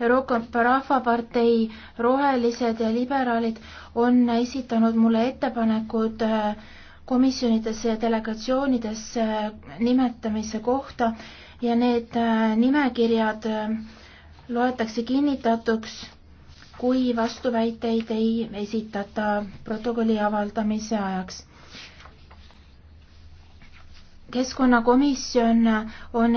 Euroopa Rahvapartei rohelised ja liberaalid on esitanud mulle ettepanekud äh, komisjonidesse ja delegatsioonidesse äh, nimetamise kohta ja need äh, nimekirjad loetakse kinnitatuks, kui vastuväiteid ei esitata protokolli avaldamise ajaks keskkonnakomisjon on